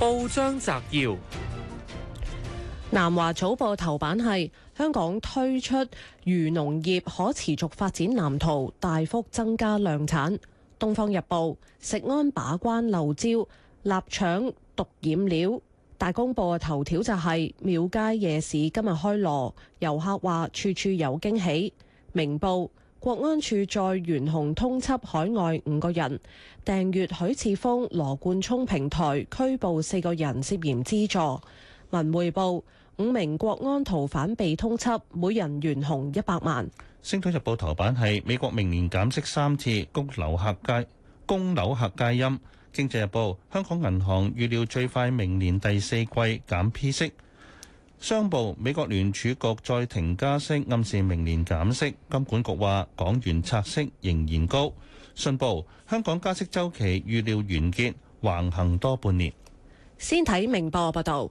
報章摘要：南華早報頭版係香港推出漁農業可持續發展藍圖，大幅增加量產。東方日報食安把關漏招，臘腸毒染料。大公報嘅頭條就係廟街夜市今日開鑼，遊客話處處有驚喜。明報。國安處再懸紅通緝海外五個人，訂閱許智峰、羅冠聰平台拘捕四個人涉嫌資助。文匯報：五名國安逃犯被通緝，每人懸紅一百萬。星島日報頭版係美國明年減息三次供，供樓客街，供樓客皆陰。經濟日報：香港銀行預料最快明年第四季減 P 息。商報美國聯儲局再停加息，暗示明年減息。金管局話港元拆息仍然高。信報香港加息週期預料完結，橫行多半年。先睇明報報道。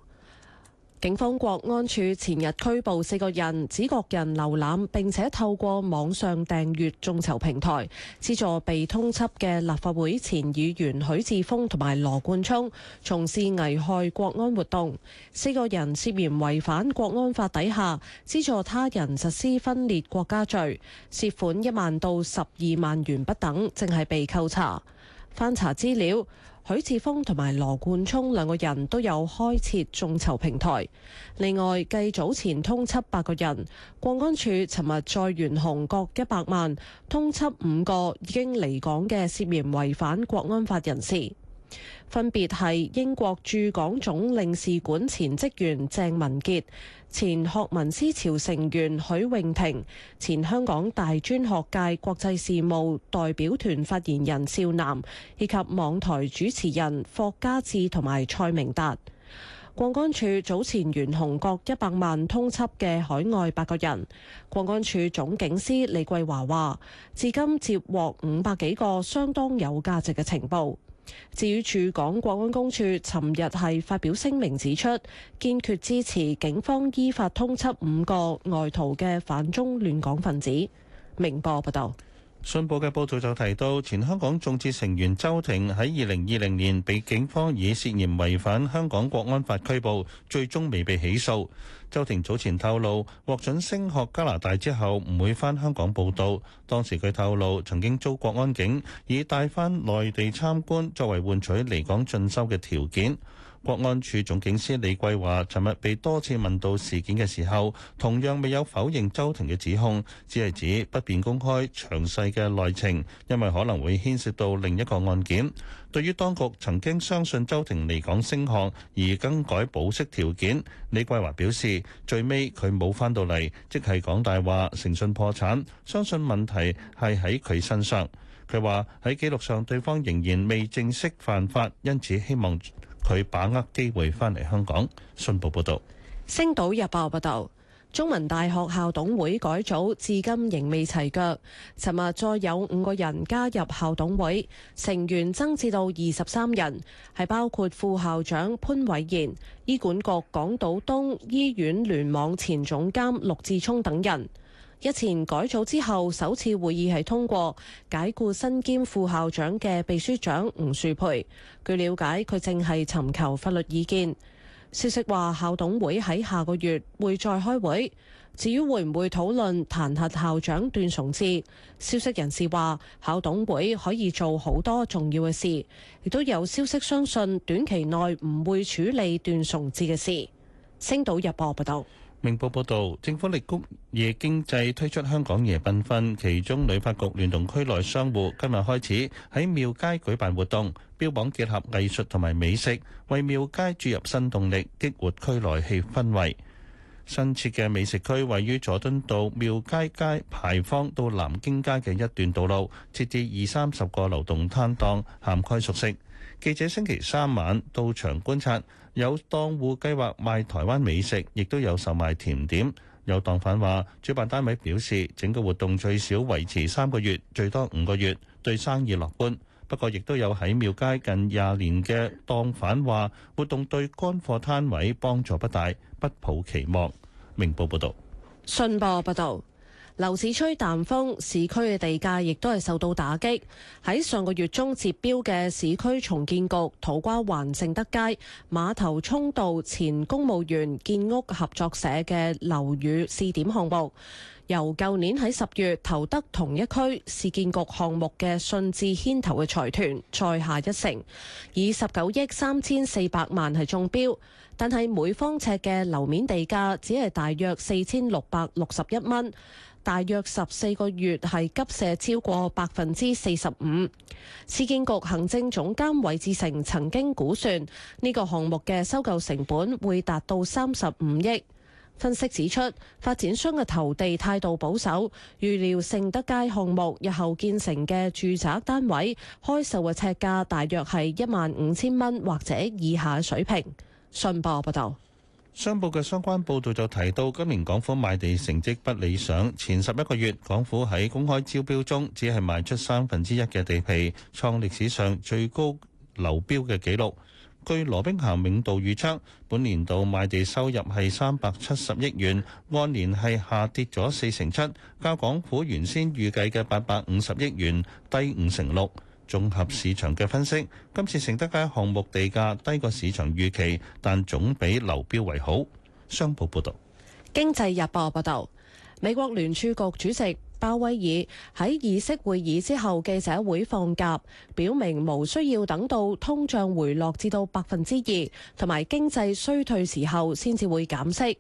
警方國安處前日拘捕四個人，指各人瀏覽並且透過網上訂閱、眾籌平台，資助被通緝嘅立法會前議員許智峯同埋羅冠聰，從事危害國安活動。四個人涉嫌違反國安法底下，資助他人實施分裂國家罪，涉款一萬到十二萬元不等，正係被扣查。翻查資料。許智峰同埋羅冠聰兩個人都有開設眾籌平台。另外，繼早前通緝八個人，國安處尋日再懸紅各一百萬，通緝五個已經離港嘅涉嫌違反國安法人士，分別係英國駐港總領事館前職員鄭文傑。前學民思潮成員許穎婷、前香港大專學界國際事務代表團發言人邵南，以及網台主持人霍家志同埋蔡明達，國安處早前懸紅各一百萬通緝嘅海外八個人。國安處總警司李桂華話，至今接獲五百幾個相當有價值嘅情報。至於駐港國安公署，尋日係發表聲明指出，堅決支持警方依法通緝五個外逃嘅反中亂港分子。明報報道。信報嘅報道就提到，前香港眾志成員周庭喺二零二零年被警方以涉嫌違反香港國安法拘捕，最終未被起訴。周庭早前透露，獲准升學加拿大之後，唔會返香港報道。當時佢透露，曾經遭國安警以帶返內地參觀作為換取離港進修嘅條件。國安處總警司李桂華尋日被多次問到事件嘅時候，同樣未有否認周庭嘅指控，只係指不便公開詳細嘅內情，因為可能會牽涉到另一個案件。對於當局曾經相信周庭離港升學而更改保釋條件，李桂華表示，最尾佢冇翻到嚟，即係講大話，誠信破產，相信問題係喺佢身上。佢話喺記錄上，對方仍然未正式犯法，因此希望。佢把握機會返嚟香港。信報報導，星島日報報道，中文大學校董會改組至今仍未齊腳。尋日再有五個人加入校董會，成員增至到二十三人，係包括副校長潘偉賢、醫管局港島東醫院聯網前總監陸志聰等人。一前改組之後，首次會議係通過解雇新兼副校長嘅秘書長吳樹培。據了解，佢正係尋求法律意見。消息話校董會喺下個月會再開會，至於會唔會討論彈劾校長段崇志？消息人士話校董會可以做好多重要嘅事，亦都有消息相信短期內唔會處理段崇志嘅事。星島日報報道。明報報道，政府力谷夜經濟，推出香港夜繽紛。其中，旅發局聯同區內商戶，今日開始喺廟街舉辦活動，標榜結合藝術同埋美食，為廟街注入新動力，激活區內氣氛圍。新設嘅美食區位於佐敦道廟街街牌坊到南京街嘅一段道路，設置二三十個流動攤檔，涵蓋熟食。記者星期三晚到場觀察，有檔戶計劃賣賣台灣美食，亦都有售賣甜點。有檔販話，主辦單位表示，整個活動最少維持三個月，最多五個月，對生意樂觀。不過，亦都有喺廟街近廿年嘅檔販話，活動對乾貨攤位幫助不大，不抱期望。明報報道，信報報道。樓市吹淡風，市區嘅地價亦都係受到打擊。喺上個月中接標嘅市區重建局土瓜灣盛德街馬頭涌道前公務員建屋合作社嘅樓宇試點項目，由舊年喺十月投得同一區市建局項目嘅信置牽頭嘅財團再下一城，以十九億三千四百萬係中標，但係每方尺嘅樓面地價只係大約四千六百六十一蚊。大約十四個月係急射超過百分之四十五。市建局行政總監韋志成曾經估算呢個項目嘅收購成本會達到三十五億。分析指出，發展商嘅投地態度保守，預料盛德街項目日後建成嘅住宅單位開售嘅尺價大約係一萬五千蚊或者以下水平。信報報道。商報嘅相關報導就提到，今年港府賣地成績不理想，前十一個月港府喺公開招標中只係賣出三分之一嘅地皮，創歷史上最高流標嘅紀錄。據羅兵咸永道預測，本年度賣地收入係三百七十億元，按年係下跌咗四成七，較港府原先預計嘅八百五十億元低五成六。綜合市場嘅分析，今次承德街項目地價低過市場預期，但總比流標為好。商報報道，《經濟日報》報道，美國聯儲局主席鮑威爾喺議息會議之後記者會放鴿，表明無需要等到通脹回落至到百分之二，同埋經濟衰退時候先至會減息。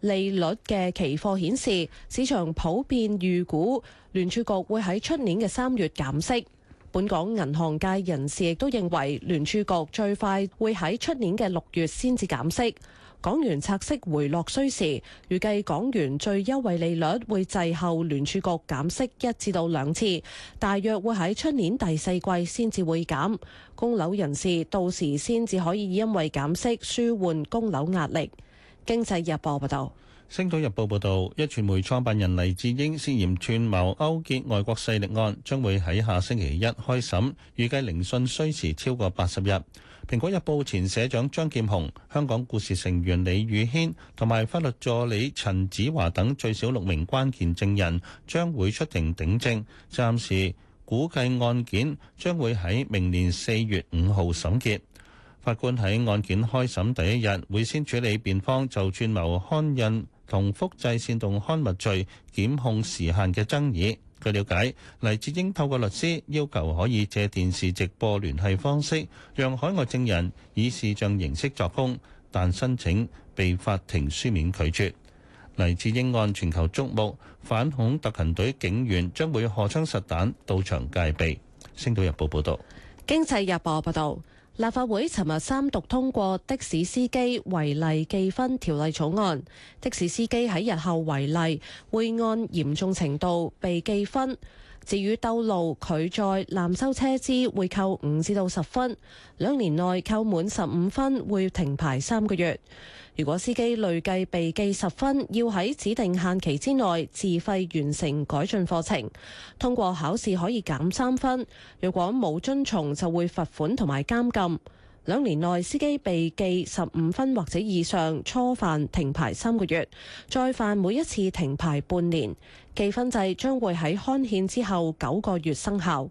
利率嘅期貨顯示，市場普遍預估聯儲局會喺出年嘅三月減息。本港銀行界人士亦都認為聯儲局最快會喺出年嘅六月先至減息，港元拆息回落需時，預計港元最優惠利率會滯後聯儲局減息一至到兩次，大約會喺出年第四季先至會減。供樓人士到時先至可以因為減息舒緩供樓壓力。經濟日報報道。《星島日報》報導，一傳媒創辦人黎智英涉嫌串謀勾結外國勢力案將會喺下星期一開審，預計聆訊需時超過八十日。《蘋果日報》前社長張劍虹、香港故事成員李宇軒同埋法律助理陳子華等最少六名關鍵證人將會出庭頂證，暫時估計案件將會喺明年四月五號審結。法官喺案件開審第一日會先處理辯方就串謀刊印，同複製煽動刊物罪檢控時限嘅爭議。據了解，黎智英透過律師要求可以借電視直播聯繫方式，讓海外證人以視像形式作供，但申請被法庭書面拒絕。黎智英案全球矚目，反恐特勤隊警員將會荷槍實彈到場戒備。星島日報報道。經濟日報報道。立法會尋日三讀通過的《的士司機違例記分條例草案》，的士司機喺日後違例會按嚴重程度被記分。至於兜路、拒載、濫收車資會扣五至到十分，兩年內扣滿十五分會停牌三個月。如果司機累計被記十分，要喺指定限期之內自費完成改進課程，通過考試可以減三分。如果冇遵從，就會罰款同埋監禁。兩年內，司機被記十五分或者以上，初犯停牌三個月，再犯每一次停牌半年。記分制將會喺刊憲之後九個月生效。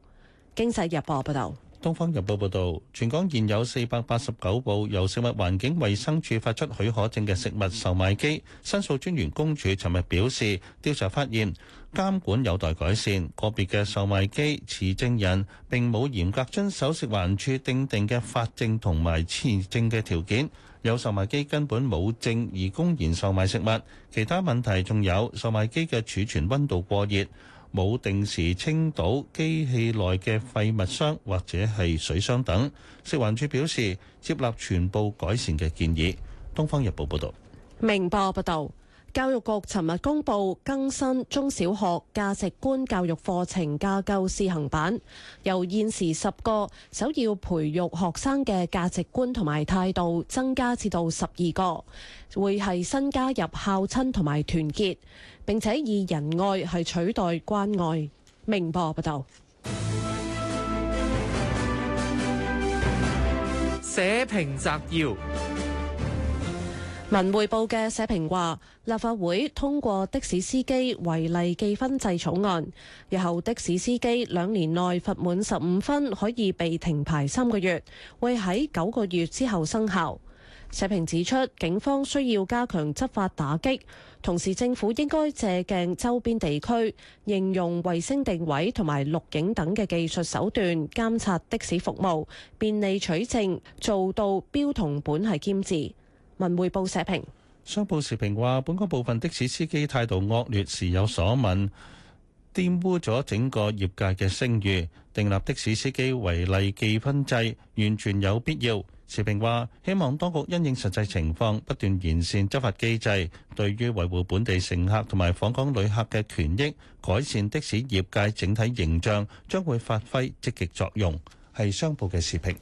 經濟日報報道：《東方日報》報道，全港現有四百八十九部由食物環境衞生署發出許可證嘅食物售賣機，申訴專員公署尋日表示，調查發現，監管有待改善，個別嘅售賣機持證人並冇嚴格遵守食環署訂定嘅法證同埋簽證嘅條件，有售賣機根本冇證而公然售賣食物。其他問題仲有售賣機嘅儲存溫度過熱，冇定時清倒機器內嘅廢物箱或者係水箱等。食環署表示接納全部改善嘅建議。《東方日報》報道。《明報》報道。教育局尋日公布更新中小學價值觀教育課程架構試行版，由現時十個首要培育學生嘅價值觀同埋態度，增加至到十二個，會係新加入孝親同埋團結，並且以仁愛係取代關愛。明報報道，社評摘要。文匯報嘅社評話，立法會通過的士司機違例記分制草案，日後的士司機兩年內罰滿十五分，可以被停牌三個月，會喺九個月之後生效。社評指出，警方需要加強執法打擊，同時政府應該借鏡周邊地區，應用衛星定位同埋錄影等嘅技術手段，監察的士服務，便利取證，做到標同本係兼治。文匯報社評，商報時評話，本港部分的士司機態度惡劣，時有所聞，玷污咗整個業界嘅聲譽。訂立的士司機違例記分制，完全有必要。時評話，希望當局因應實際情況，不斷完善執法機制，對於維護本地乘客同埋訪港旅客嘅權益，改善的士業界整體形象，將會發揮積極作用。係商報嘅時評。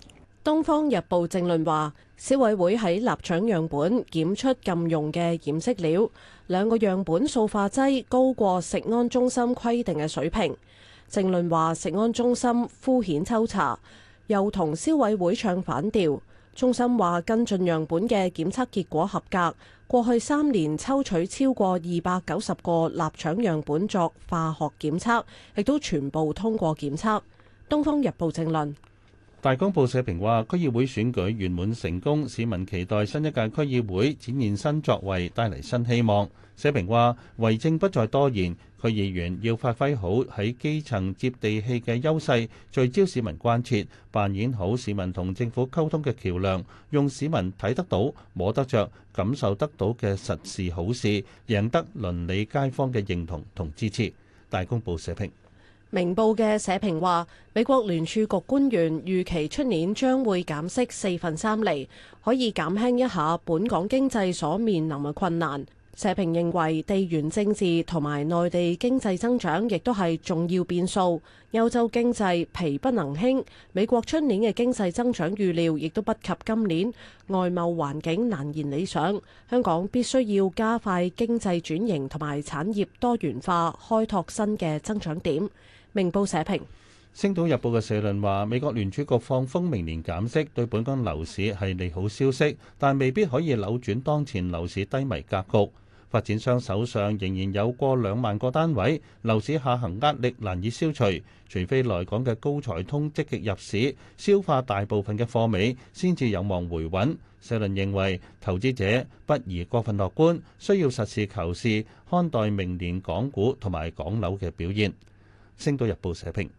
《東方日報》正論話，消委會喺臘腸樣本檢出禁用嘅染色料，兩個樣本塑化劑高過食安中心規定嘅水平。正論話，食安中心敷衍抽查，又同消委會唱反調。中心話跟進樣本嘅檢測結果合格，過去三年抽取超過二百九十個臘腸樣本作化學檢測，亦都全部通過檢測。《東方日報》正論。大公報社評話區議會選舉圓滿成功，市民期待新一屆區議會展現新作為，帶嚟新希望。社評話為政不再多言，區議員要發揮好喺基層接地氣嘅優勢，聚焦市民關切，扮演好市民同政府溝通嘅橋梁，用市民睇得到、摸得著、感受得到嘅實事好事，贏得鄰里街坊嘅認同同支持。大公報社評。明報嘅社評話，美國聯儲局官員預期出年將會減息四分三厘，可以減輕一下本港經濟所面臨嘅困難。社評認為，地緣政治同埋內地經濟增長亦都係重要變數。歐洲經濟疲不能興，美國出年嘅經濟增長預料亦都不及今年，外貿環境難言理想。香港必須要加快經濟轉型同埋產業多元化，開拓新嘅增長點。明報社評，《星島日報》嘅社論話，美國聯儲局放風明年減息，對本港樓市係利好消息，但未必可以扭轉當前樓市低迷格局。發展商手上仍然有過兩萬個單位，樓市下行壓力難以消除，除非來港嘅高才通積極入市，消化大部分嘅貨尾，先至有望回穩。社論認為，投資者不宜過分樂觀，需要實事求是看待明年港股同埋港樓嘅表現。星島日報社評。